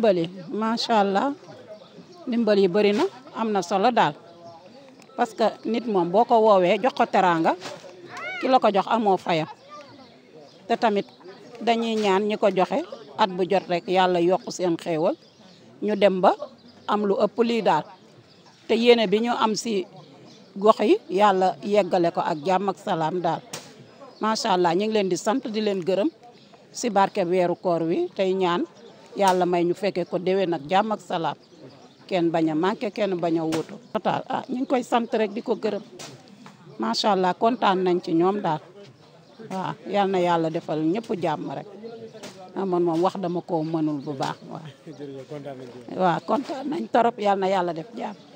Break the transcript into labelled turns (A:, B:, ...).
A: ndimbali macha allah ndimbal yi bëri na am na solo daal parce que nit moom boo ko woowee jox ko teraanga ki la ko jox amoo fayam te tamit dañuy ñaan ñi ko joxe at bu jot rek yàlla yokk seen xéewal ñu dem ba am lu ëpp lii daal te yéene bi ñu am si gox yi yàlla yeggale ko ak jàmm ak salaam daal macha allah ñu ngi leen di sant di leen gërëm si barke weeru koor wi tey ñaan yàlla may ñu fekkee ko déwén nag jàmm ak salaam kenn bañ a manqué kenn bañ a wóotu total ah ñu koy sant rek di ko gërëm macha allah kontaan nañ ci ñoom daal waaw yal na yàlla defal ñëpp jàmm rek ah man moom wax dama koo mënul bu baax
B: waaw. kontaan nañ torop yal na yàlla def
C: jàmm.